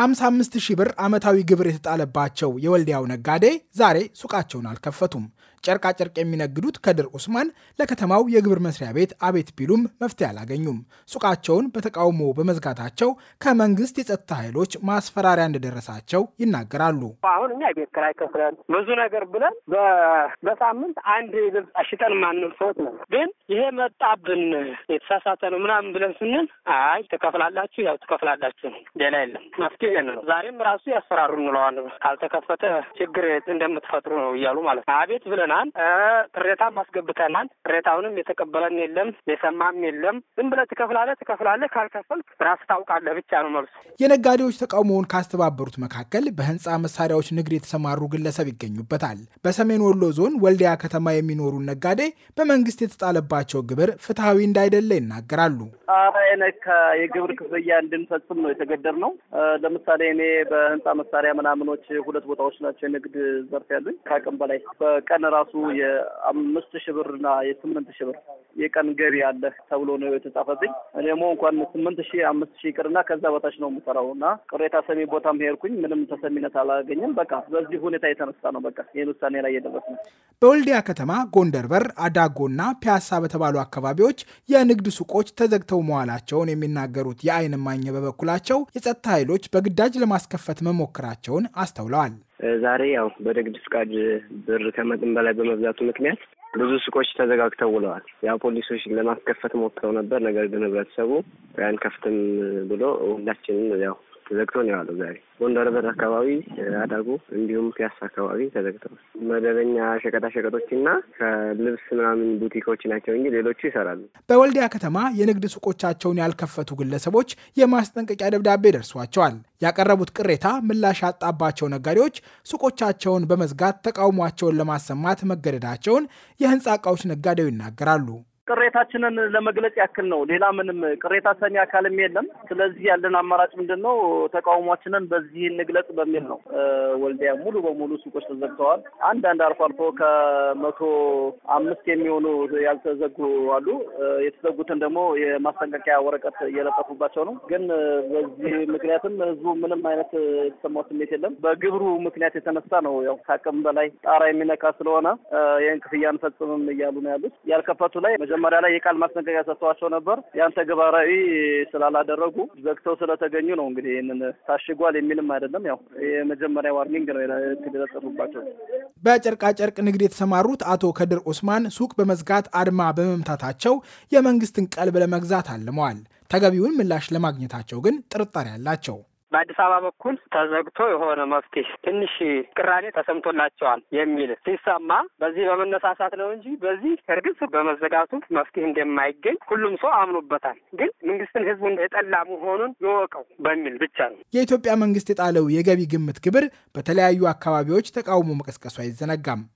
55 ሺህ ብር ዓመታዊ ግብር የተጣለባቸው የወልዲያው ነጋዴ ዛሬ ሱቃቸውን አልከፈቱም። ጨርቃጨርቅ የሚነግዱት ከድር ኡስማን ለከተማው የግብር መስሪያ ቤት አቤት ቢሉም መፍትሄ አላገኙም። ሱቃቸውን በተቃውሞ በመዝጋታቸው ከመንግስት የጸጥታ ኃይሎች ማስፈራሪያ እንደደረሳቸው ይናገራሉ። አሁን እኛ ቤት ኪራይ ከፍለን ብዙ ነገር ብለን በሳምንት አንድ ልብስ አሽጠን ማንም ሰዎች ነው ግን ይሄ መጣብን የተሳሳተ ነው ምናምን ብለን ስንል አይ ትከፍላላችሁ፣ ያው ትከፍላላችሁ፣ ሌላ የለም መፍትሄ ነው። ዛሬም ራሱ ያስፈራሩ እንለዋል። ካልተከፈተ ችግር እንደምትፈጥሩ ነው እያሉ ማለት ነው። አቤት ብለን አውጥተናል። ቅሬታም አስገብተናል። ቅሬታውንም የተቀበለን የለም የሰማም የለም። ዝም ብለህ ትከፍላለህ ትከፍላለህ፣ ካልከፈልክ ራስ ታውቃለህ ብቻ ነው መልሱ። የነጋዴዎች ተቃውሞውን ካስተባበሩት መካከል በህንፃ መሳሪያዎች ንግድ የተሰማሩ ግለሰብ ይገኙበታል። በሰሜን ወሎ ዞን ወልዲያ ከተማ የሚኖሩ ነጋዴ በመንግስት የተጣለባቸው ግብር ፍትሐዊ እንዳይደለ ይናገራሉ። የግብር ክፍያ እንድንፈጽም ነው ነው። ለምሳሌ እኔ በህንፃ መሳሪያ ምናምኖች ሁለት ቦታዎች ናቸው የንግድ ዘርፍ ያሉኝ ከአቅም በላይ በቀን ራሱ የአምስት ሺህ ብር እና የስምንት ሺህ ብር የቀን ገቢ አለህ ተብሎ ነው የተጻፈብኝ። እኔ ሞ እንኳን ስምንት ሺህ አምስት ሺህ ይቅርና ከዛ በታች ነው የምሰራው እና ቅሬታ ሰሚ ቦታም ሄድኩኝ ምንም ተሰሚነት አላገኝም። በቃ በዚህ ሁኔታ የተነሳ ነው በቃ ይህን ውሳኔ ላይ የደረስ ነው። በወልዲያ ከተማ ጎንደር በር፣ አዳጎና ፒያሳ በተባሉ አካባቢዎች የንግድ ሱቆች ተዘግተው መዋላቸውን የሚናገሩት የአይን ማኘ በበኩላቸው የጸጥታ ኃይሎች በግዳጅ ለማስከፈት መሞከራቸውን አስተውለዋል። ዛሬ ያው በንግድ ፍቃድ ብር ከመጠን በላይ በመብዛቱ ምክንያት ብዙ ሱቆች ተዘጋግተው ውለዋል። ያው ፖሊሶች ለማስከፈት ሞክረው ነበር። ነገር ግን ህብረተሰቡ ያን ከፍትም ብሎ ሁላችንም ያው ተዘግቶ ነው የዋለው። ዛሬ ጎንደር በር አካባቢ አዳጉ፣ እንዲሁም ፒያሳ አካባቢ ተዘግተው መደበኛ ሸቀጣሸቀጦችና ከልብስ ምናምን ቡቲኮች ናቸው እንጂ ሌሎቹ ይሰራሉ። በወልዲያ ከተማ የንግድ ሱቆቻቸውን ያልከፈቱ ግለሰቦች የማስጠንቀቂያ ደብዳቤ ደርሷቸዋል። ያቀረቡት ቅሬታ ምላሽ ያጣባቸው ነጋዴዎች ሱቆቻቸውን በመዝጋት ተቃውሟቸውን ለማሰማት መገደዳቸውን የህንፃ እቃዎች ነጋዴው ይናገራሉ። ቅሬታችንን ለመግለጽ ያክል ነው። ሌላ ምንም ቅሬታ ሰሚ አካልም የለም። ስለዚህ ያለን አማራጭ ምንድን ነው? ተቃውሟችንን በዚህ እንግለጽ በሚል ነው። ወልዲያ ሙሉ በሙሉ ሱቆች ተዘግተዋል። አንዳንድ አልፎ አልፎ ከመቶ አምስት የሚሆኑ ያልተዘጉ አሉ። የተዘጉትን ደግሞ የማስጠንቀቂያ ወረቀት እየለጠፉባቸው ነው። ግን በዚህ ምክንያትም ህዝቡ ምንም አይነት የተሰማው ስሜት የለም። በግብሩ ምክንያት የተነሳ ነው። ያው ከአቅም በላይ ጣራ የሚነካ ስለሆነ ይህን ክፍያ አንፈጽምም እያሉ ነው ያሉት። ያልከፈቱ ላይ መጀመሪያ ላይ የቃል ማስጠንቀቂያ ሰጥተዋቸው ነበር። ያን ተግባራዊ ስላላደረጉ ዘግተው ስለተገኙ ነው እንግዲህ ይህንን ታሽጓል የሚልም አይደለም። ያው የመጀመሪያ ዋርኒንግ ነው የተለጠፉባቸው። በጨርቃጨርቅ ንግድ የተሰማሩት አቶ ከድር ኦስማን ሱቅ በመዝጋት አድማ በመምታታቸው የመንግስትን ቀልብ ለመግዛት አልመዋል። ተገቢውን ምላሽ ለማግኘታቸው ግን ጥርጣሬ አላቸው። በአዲስ አበባ በኩል ተዘግቶ የሆነ መፍትሄ ትንሽ ቅራኔ ተሰምቶላቸዋል የሚል ሲሰማ በዚህ በመነሳሳት ነው እንጂ በዚህ እርግጥ በመዘጋቱ መፍትሄ እንደማይገኝ ሁሉም ሰው አምኖበታል። ግን መንግስትን ህዝቡን የጠላ መሆኑን ይወቀው በሚል ብቻ ነው። የኢትዮጵያ መንግስት የጣለው የገቢ ግምት ግብር በተለያዩ አካባቢዎች ተቃውሞ መቀስቀሱ አይዘነጋም።